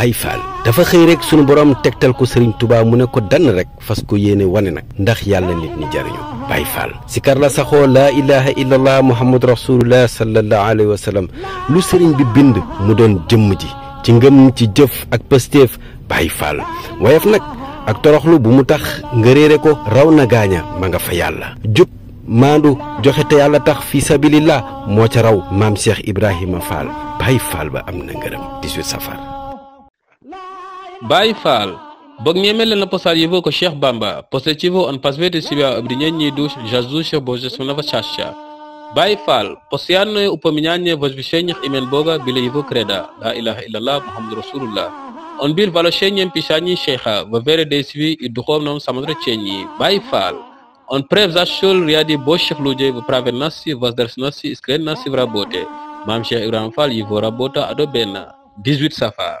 Baye Fall dafa xëy rek sunu borom tegtal ko Serigne tubaab mu ne ko dann rek fas ko yéene wane nag ndax yàlla nit ñi jariñu Baye Fall sikar la saxoo laa ilaha illallah muhammadu rasulullah sallallahu alayhi wa lu Serigne bi bind mu doon jëmm ji ci ngëm ci jëf ak pësteef Baye Fall woyof nag ak toroxlu bu mu tax nga ko raw na gaaña ma nga fa yàlla jub maandu joxe te yàlla tax fi sabilillah moo ca raw maam Cheikh Ibrahima Fall Baye Fall ba am na ngërëm 18 Baye Fall bognyemele na posalivo ko Sheikh Bamba posetivo an pasvete sibia abrinyenyi dush jazusha bojesmu na vachasha Baye Fall posiano upominyanye vozvishenye imen boga bile yivo kreda la ilaha illallah muhammadur rasulullah on bil valoshenye pishanyi sheikha vavere desvi idkhom nam samadra chenyi Baye Fall on prevza shul riadi boshekh luje prave nasi vazdarsnasi nasi iskren nasi vrabote Mam Sheikh Ibrahim Fall yivo rabota ado bena 18 safar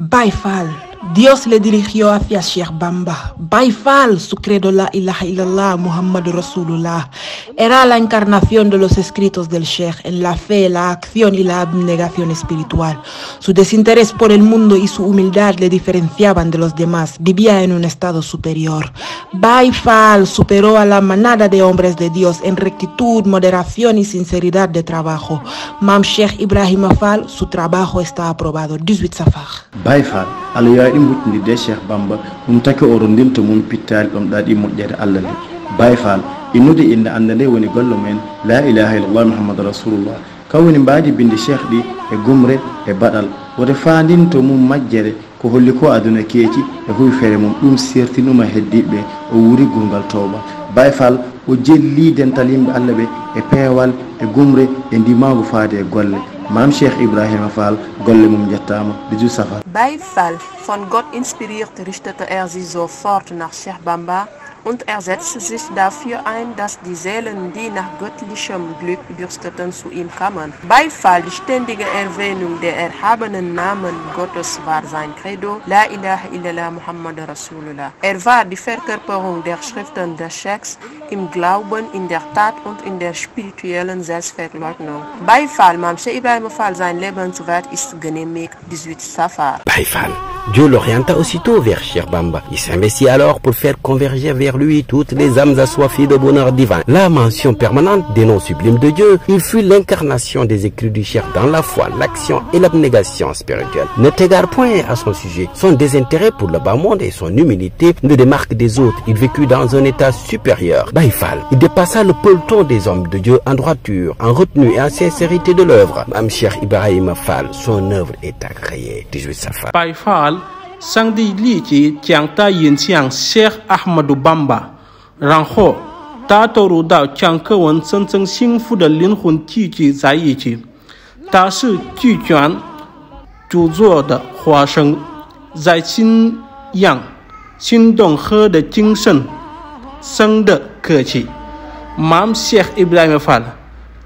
Bye, Fal. Dios le dirigió hacia Sheikh Bamba. Baifal, su credo la ilaha illallah Muhammad Rasulullah, era la encarnación de los escritos del Sheikh en la fe, la acción y la abnegación espiritual. Su desinterés por el mundo y su humildad le diferenciaban de los demás. Vivía en un estado superior. Baifal superó a la manada de hombres de Dios en rectitud, moderación y sinceridad de trabajo. Mam Sheikh Ibrahim Afal, su trabajo está aprobado. 18 Safar. Baifal, wawi ɗi de cheikh bamba ɗum taki o rondinto mum pital dum dadi ɗi moƴƴere allah nde bay fal innude inde annda woni gollo men la ilaha illallah muhammad rasulullah kaw woni mbaadi binde cheikh di e gumre e baɗal woto fandinto mum majjere ko holli ko aduna keeci e fere mum dum sertinuma heddibe o wuri gungal toba bay fal o jelli dental yimɓe allah be e peewal e gumre e ndimagu faade e golle Mam Sheikh Ibrahim Fall, Gollemum Jatam, Bijou Safar. Bei Fall, von Gott inspiriert, richtete er sich sofort nach Sheikh Bamba und er setzte sich dafür ein, dass die Seelen, die nach göttlichem Glück dürsteten, zu ihm kamen. Beifall, die ständige Erwähnung der erhabenen Namen Gottes war sein Credo, La ilaha illallah Muhammad Rasulullah. Er war die Verkörperung der Schriften des Scheikhs im Glauben, in der Tat und in der spirituellen Selbstverleugnung. Beifall, Mamshe Ibrahim sein ist 18 Safar. Beifall. Dieu l'orienta aussitôt vers Bamba. Il s'investit alors pour faire converger vers lui toutes les âmes assoiffées de bonheur divin. La mention permanente des noms sublimes de Dieu, il fut l'incarnation des écrits du Cher dans la foi, l'action et l'abnégation spirituelle. Ne t'égare point à son sujet. Son désintérêt pour le bas monde et son humilité ne démarquent des autres. Il vécut dans un état supérieur. Baïfal. Il dépassa le peloton des hommes de Dieu en droiture, en retenue et en sincérité de l'œuvre. Mam Cheikh Ibrahim Fall, son œuvre est agréée. Dijoué Safar. Baïfal, sangdi li ci tiangta yin tiang Cheikh Ahmadou Bamba. Ranho, ta toru da tiangke wen tseng tseng fu de lin hun ji ji zai yi Ta shi ji zuo de hua sheng, zai xin yang, xin dong he de jing sheng. 生的客气。Mam Sheikh Ibrahim Fall，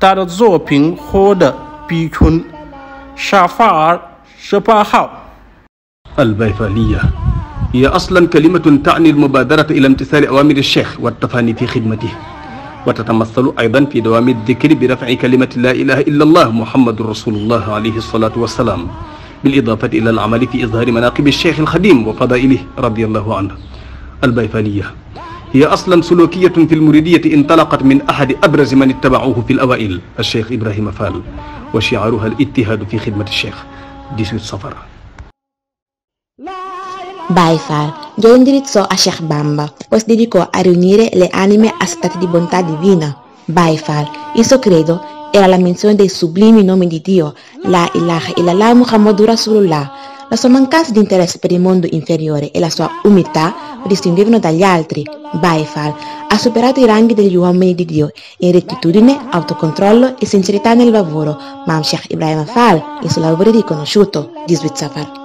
他的作品获得比坤沙法尔十八号。البيفالية هي أصلا كلمة تعني المبادرة إلى امتثال أوامر الشيخ والتفاني في خدمته وتتمثل أيضا في دوام الذكر برفع كلمة لا إله إلا الله محمد رسول الله عليه الصلاة والسلام بالإضافة إلى العمل في إظهار مناقب الشيخ الخديم وفضائله رضي الله عنه البيفانية هي أصلا سلوكية في المريدية انطلقت من أحد أبرز من اتبعوه في الأوائل الشيخ إبراهيم فال وشعارها الاجتهاد في خدمة الشيخ 18 صفر Baye Fall, yo indirizzo a Sheikh Bamba, poi si dedicò a riunire le anime a stati di bontà divina. Baye Fall, il suo era la mención del sublime nombre de Dios, la ilaha illallah Muhammadur Rasulullah. La sua mancanza di interesse per il mondo inferiore e la sua umiltà distinguevano dagli altri, Baifal ha superato i ranghi degli uomini di Dio in rettitudine, autocontrollo e sincerità nel lavoro. Mamshah Ibrahim Afal, il suo lavoro è riconosciuto, di Switzafar.